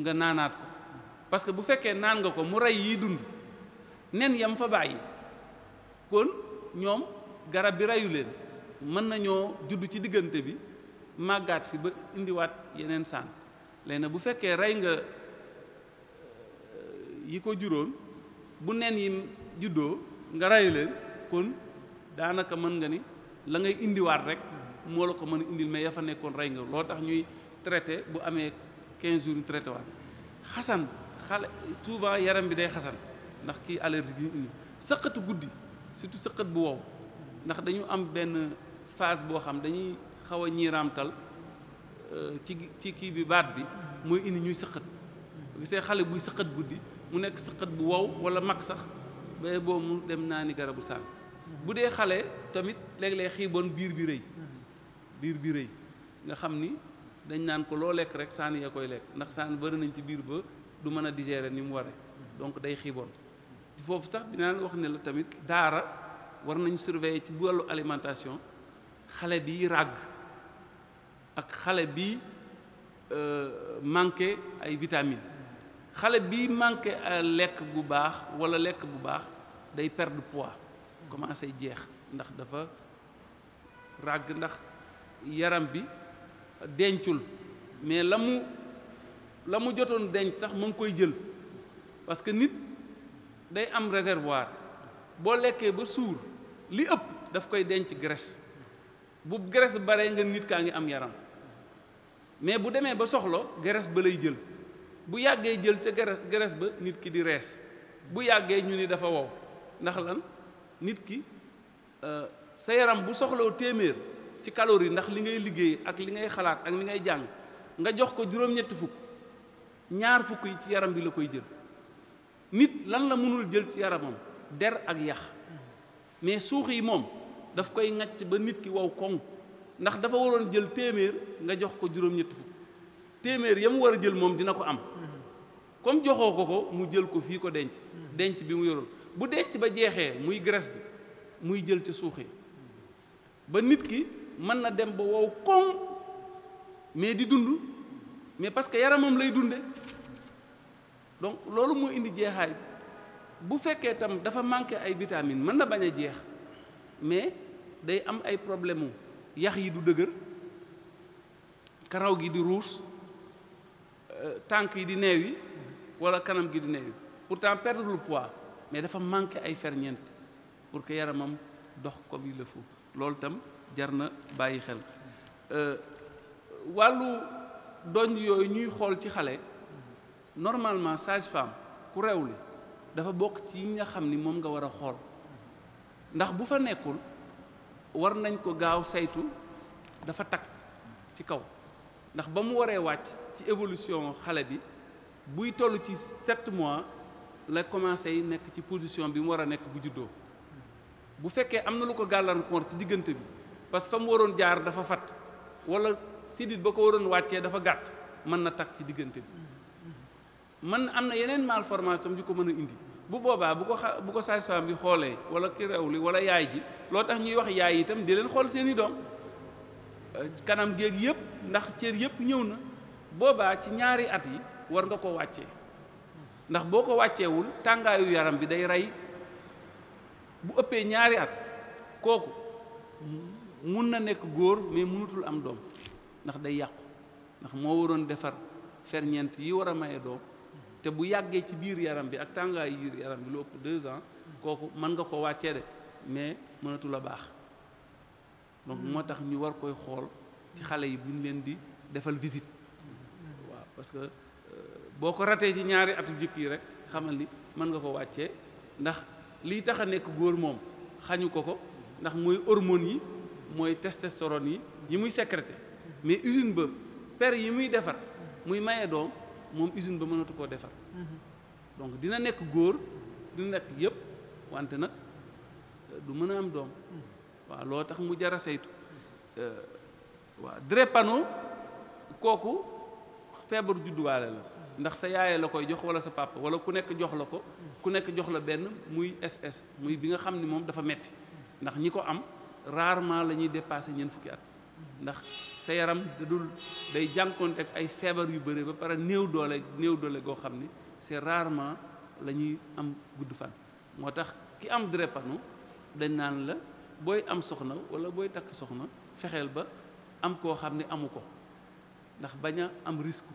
nga naanaat ko parce que bu fekkee naan nga ko mu rey yi dund nen yam fa bàyyi kon ñoom garab bi reyu leen mën nañoo judd ci diggante bi màggaat fi ba indiwaat yeneen sànn léegi nag bu fekkee rey nga euh, yi ko juróon bu nen yi juddoo nga rey leen kon daanaka mën nga ni la ngay indiwaat rek moo la ko mën a indil mais ya fa nekkoon rey nga loo tax ñuy traité bu amee 15 jours ñu traité waat xasan xale souvent yaram bi day xasan ndax kii allergie gi ñu indi sëqatu guddi surtout sëqat bu wow ndax dañu am benn phase boo xam dañuy xaw a ñiiraamtal euh, ci ci kii bi baat bi mooy indi ñuy sëqat gisee xale buy sëqat guddi mu nekk sëqat bu wow wala mag sax ba boobu dem naa ni garabu saan bu dee xale tamit léeg-léeg xiiboon biir bi rey biir bi rëy nga xam ni dañ naan ko loo lekk rek saan ya koy lekk ndax saan bëri nañ ci biir ba du mën a digere ni mu waree donc day xiiboon foofu sax dinaa la wax ne la tamit daara war nañu surveiller ci wàllu alimentation xale bi ràgg ak xale bi euh, manqué ay vitamine xale bi manqué euh, lekk bu baax walla lekk bu baax day perdre poids commencé jeex ndax dafa ràgg ndax yaram bi dencul mais la mu la mu jotoon denc sax mu ngi koy jël parce que nit day am reservoir boo lekkee ba suur li ëpp daf koy denc graisse bu graisse bare nga nit kaa ngi am yaram mais bu demee ba soxlo graisse ba lay jël bu yàggee jël ca graisse ba nit ki di rees bu yàggee ñu ni dafa wow ndax lan nit ki euh, sa yaram bu soxloo téeméer ci yi ndax li ngay liggéey ak li ngay xalaat ak li ngay jàng nga jox ko juróom-ñetti fukk ñaar fukk yi ci yaram bi la koy jël nit lan la mënul jël ci yaramam der ak yax mais suux yi moom daf koy ŋàcc ba nit ki wow koŋ ndax dafa waroon jël téeméer nga jox ko juróom-ñetti fukk téeméer ya mu war a jël moom dina ko am comme joxoo ko ko mu jël ko fii ko denc denc bi mu yoroon bu denc ba jeexee muy graisse bi muy jël ci suuxee ba nit ki mën na dem ba wow koŋ mais di dund mais parce que yaramam lay dunde donc loolu moo indi jeexaay bu fekkee tam dafa manqué ay vitamine mën na bañ a jeex mais day am ay problème mu yax yi du dëgër karaw gi di ruus euh, tànk yi di neew yi wala kanam gi di neew yi pourtant perdre le poids mais dafa manqué ay ferñeent pour que yaramam dox comme il le faut loolu tam jar na bàyyi xel euh, wàllu donj yooyu ñuy xool ci xale normalement sage-femme ku rewli dafa bokk ci yi nga xam ni moom nga war a xool ndax bu fa nekkul war nañ ko gaaw saytu dafa takk ci kaw ndax ba mu waree wàcc ci évolution xale bi buy toll ci sept mois la commencé yi nekk ci position bi mu war a nekk bu juddoo bu fekkee am na lu ko gàllankoor ci diggante bi parce que fa mu waroon jaar dafa fat wala sidit ba ko waroon wàccee dafa gàtt mën na takk ci diggante bi na am na yeneen malformation yu ko mën a indi bu boobaa bu ko xa bu ko sage bi xoolee wala ki rew li wala yaay ji loo tax ñuy wax yaay itam di leen xool seeni doom euh, kanam géeg yëpp ndax cër yëpp ñëw na boobaa ci ñaari at yi war nga ko wàccee ndax boo ko wàcceewul tàngaayu yaram bi day rey bu ëppee ñaari at kooku mun na nekk góor mais mënutul am doom ndax day yàqu ndax moo waroon defar ferñeent yi war a maye doom te bu yàggee ci biir yaram bi ak tàngaay yi yaram bi lu ëpp deux ans kooku mën nga ko wàccee de mais mënatul a baax donc moo tax ñu war koy xool ci xale yi bu leen di defal visite waaw parce que euh, boo ko ratee ci ñaari atu jëkk yi rek xamal ni mën nga ko wàccee ndax liy tax a nekk góor moom xañu ko ko ndax mooy hormones yi mooy testostérone yi yi muy sécrété mais usine ba per yi muy defar muy maye doom moom usine ba mënatu koo defar donc dina nekk góor dina nekk yëpp wante nag euh, du mën a am doom waaw loo tax mu jara saytu euh, waaw drépano kooku feebar judduwaale la ndax sa yaay la koy jox wala sa papa wala ku nekk jox la ko ku nekk jox la benn muy SS muy bi nga xam ni moom dafa metti ndax ñi ko am rarement la ñuy dépassé ñeent fukki at ndax sa yaram dadul day jànkoonte ak ay feebar yu bëri ba pare néew doole néew doole goo xam ne c'est rarement la ñuy am gudd fan moo tax ki am drépano dañ naan la booy am soxna wala booy takk soxna fexeel ba am koo xam ne amu ko ndax bañ a am risque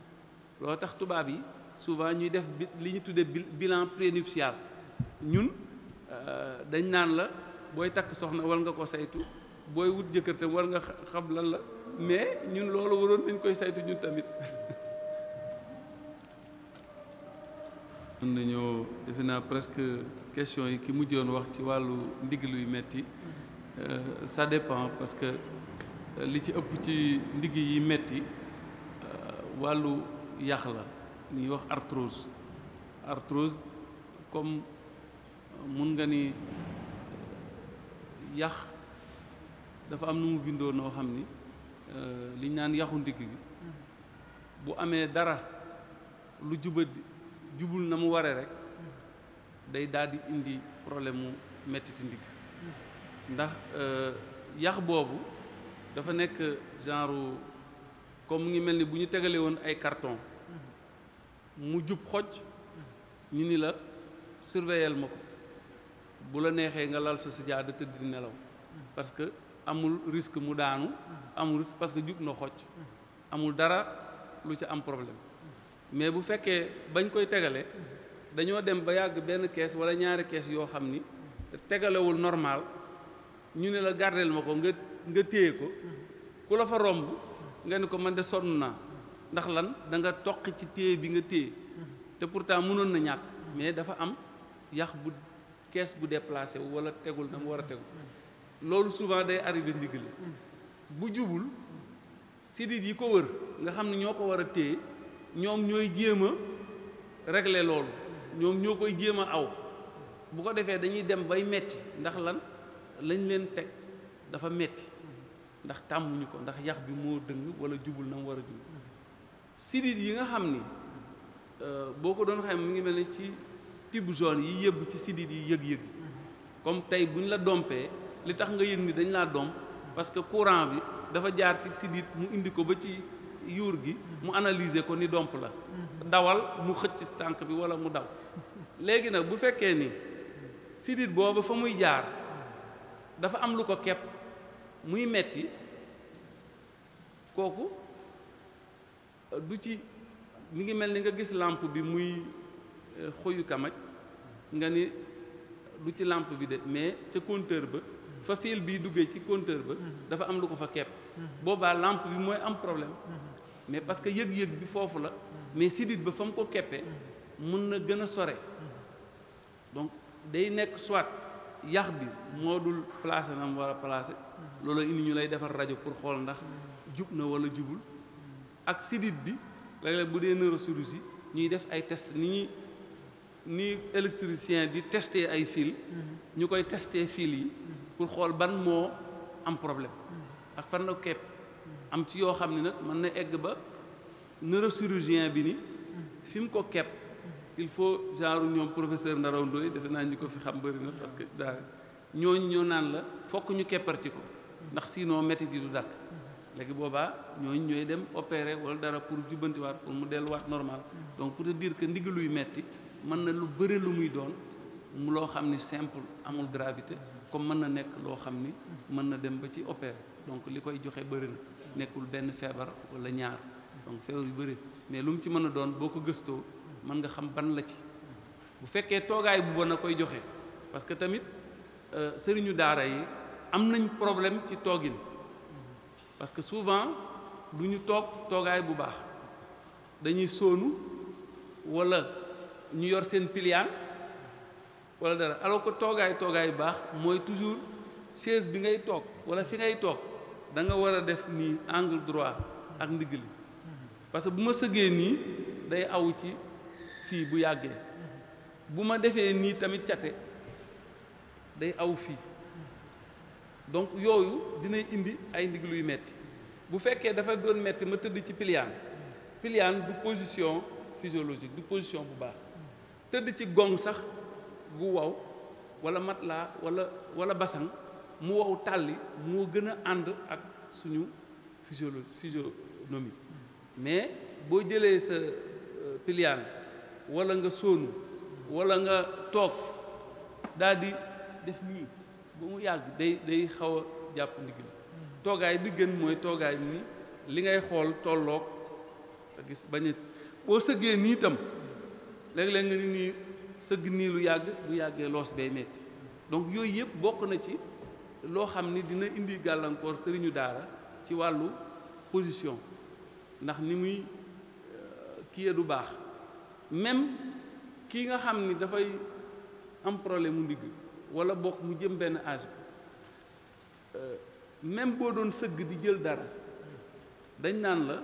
loo tax tubaab yi souvent ñuy def li ñu tuddee bilan prénuptial ñun euh, dañ naan la booy takk soxna war nga ko saytu booy wut jëkkërtam war nga xam lan la mais ñun loolu waroon nañ koy saytu ñun tamit mën nañoo defe naa presque question yi ki mujjoon wax ci wàllu ndigg luy metti euh, ça dépend parce que euh, li ci ëpp ci ndigg yi metti euh, wàllu yax la ñuy wax arthrose arthrose comme mun nga ni yax dafa am nu mu bindoo noo xam ni euh, liñ naan yaxu ndigg mm-hmm. bu amee dara lu juba jubul na mu waree rek mm-hmm. day daal di indi problème mu mettiti ndigg mm-hmm. ndax euh, yax boobu dafa nekk genre comme mu ngi mel ni bu ñu tegalee woon ay carton mu jub xoj ñu ni la surveiller ma ko bu la neexee nga lal sa sijaada tëdd di nelaw parce que amul risque mu daanu amul risque parce que jub na xocc amul dara lu ci am problème mais bu fekkee bañ koy tegale dañoo dem ba yàgg benn kees wala ñaari kees yoo xam ni tegalewul normal ñu ne la gardeel ma ko nga nga téye ko ku la fa romb nga ne ko man de sonn naa ndax lan da nga toqi ci téye bi nga téye te pourtant mënoon na ñàkk mais dafa am yax bu kees gu déplacé wu wala tegul na mu war a tegu loolu souvent day arrivé ndigal bu jubul sidit yi ko wër nga xam ne ñoo ko war a téye ñoom ñooy jéem a régler loolu ñoom ñoo koy jéem a aw bu ko defee dañuy dem bay metti ndax lan lañ leen teg dafa metti ndax tàmmuñu ko ndax yax bi moo dëng wala jubul na mu war a jubul sidit yi nga xam ni euh, boo ko doon xam mi ngi mel ni ci tibb zone yi yëbb ci sidit yi yëg-yëg comme tey bu ñu la dompee li tax nga yëg ni dañ laa domp parce que courant bi dafa jaar ci sidit mu indi ko ba ci yuur gi mu analise ko ni domp la dawal mu xëcc tànk bi walla mu daw léegi nag bu fekkee ni sidit boobu fa muy jaar dafa am lu ko kepp muy metti kooku du ci mu ngi mel ni nga gis làmp bi muy xoyu kamaj nga ni du ci lampe bi de mais ca compteur ba fa fil bii duggee ci compteur ba mhm. dafa am lu ko fa kepp mhm. boobaa lampe bi mooy am problème mhm. mais parce que yëg-yëg bi foofu la mais sidit ba fa mu ko keppee mën na gën a sore donc day nekk soit yax bi moo dul placé na mu war loolu indi ñu lay defar rajo pour xool ndax jub na wala jubul ak sidit bi léeg-léeg bu dee neurochirurgie ñuy def ay test ni ni électricien di tester ay fil ñu koy teste fil yi pour xool ban moo am problème ak fan la kepp am ci yoo xam ne nag mën na egg ba neurochirurgien bi ni fi mu ko kepp il faut genre ñoom professeur Ndaraw Ndoye defe naa ñu ko fi xam bëri na parce que daal ñooñu ñoo naan la fokk ñu kepparti ko ndax sinon métit yi du dàkk léegi boobaa ñooñ ñooy dem opérer wala dara pour jubbantiwaat pour mu delluwaat normal donc pour te dire que ndigaluy metti mën na lu bëri lu muy doon mu loo xam ni simple amul gravité comme mën na nekk loo xam ni mën na dem ba ci opéré donc li koy joxe bëri na nekkul benn feebar wala ñaar donc feebar yu bëri mais lu mu ci mën a doon boo ko gëstoo mën nga xam ban la ci bu fekkee toogaay bu bon na koy joxe parce que tamit euh, sëriñu daara yi am nañ problème ci toogin parce que souvent du ñu toog toogaay bu baax dañuy sóonu wala ñu yor seen piliyaan wala dara alors que toogaay toogaay baax mooy toujours chaise bi ngay toog wala fi ngay toog da nga war a def nii angle droit ak ndigg li parce que bu ma sëggee nii day aw ci fii bu yàggee bu ma defee nii tamit cate day aw fii donc yooyu dinay indi ay ndigg luy metti bu fekkee dafa doon metti ma tëdd ci piliyaan piliyaan du position physiologique du position bu baax tëdd ci gong sax gu waw wala matelas walla wala basang mu waw tàlli moo gën a ànd ak suñu physiolo physionomie mais boo jëlee sa euh, piliaan wala nga sóonu walla nga toog daldi di def nii ba mu yàgg day day xaw a jàpp ndigg toogaay bi gën mooy toogaay ni li ngay xool tolloog sa gis bañ a boo sëggee nii tam léeg-léeg nga ni nii sëgg nii lu yàgg bu yàggee loos bay metti donc yooyu yëpp bokk na ci loo xam ni dina indi gàllankoor sëriñu daara ci wàllu position ndax ni muy euh, kii du baax même kii nga xam ni dafay am problème mu ndigg wala bokk mu jëm benn âge bi euh, même boo doon sëgg di jël dara dañ naan la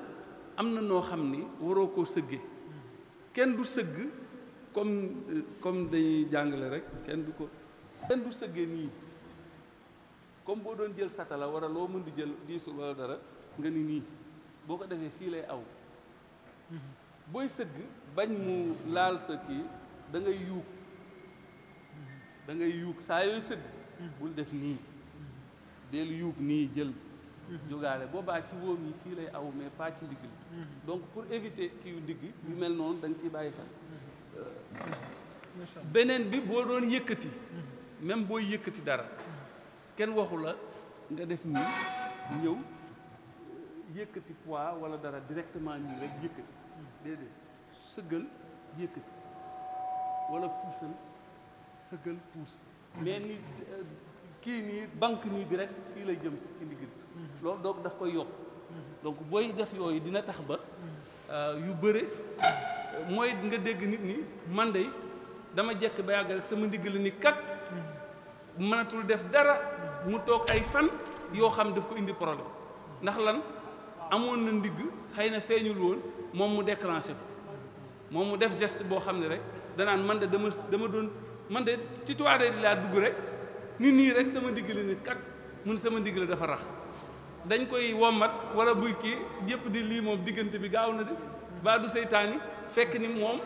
am na noo xam ni waroo koo sëggee kenn du sëgg comme euh, comme dañuy jàngale rek kenn du ko kenn du sëggee nii comme boo doon jël satala wala loo mën di jël diisul wala dara nga ni nii boo ko defee fii lay aw booy sëgg bañ mu laal sa kii da ngay yuug da ngay yuug saa yooy sëgg bul def nii del yuug nii jël Mhm. jógaale boobaa ci wóom yi fii lay aw mais pas ci ndigg li mhm. donc pour éviter kii yu ndigg yu mel noonu da nga ciy bàyyi xel mhm. euh, beneen bi boo doon yëkkati même booy yëkkati dara kenn waxu la nga def nii ñëw euh, yëkkati poids wala dara directement nii rek yëkkati déedéet sëggal yëkkati wala puusal sëggal puus mais ni euh, kii nii banque nii direct fii lay jëm si ci ndigg loolu donc daf koy yokk donc booy def yooyu dina tax ba euh, yu bëre mooy nga dégg nit ni man de dama jekk ba yàgg rek sama ndigg la ni kat mënatul def dara mu toog ay fan yoo xam daf ko indi problème ndax lan amoon na ndigg xëy na feeñul woon moom mu déclenché ko moom mu def geste boo xam ne rek danaan man de dama dama doon man de ci toilette di laa dugg rek ni nii rek sama ndigg la nit kak mun sama ndigg la dafa rax dañ koy wommat wala buy kii yëpp di lii moom diggante bi gaaw na de baa du seytaani fekk ni moom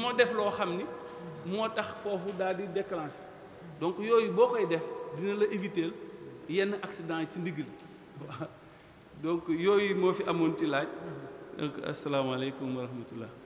moo def loo xam ni moo tax foofu daal di déclencher donc yooyu boo koy def dina la éviter yenn accident yi ci ndigg la donc yooyu moo fi amoon ci laaj donc asalaamaaleykum wa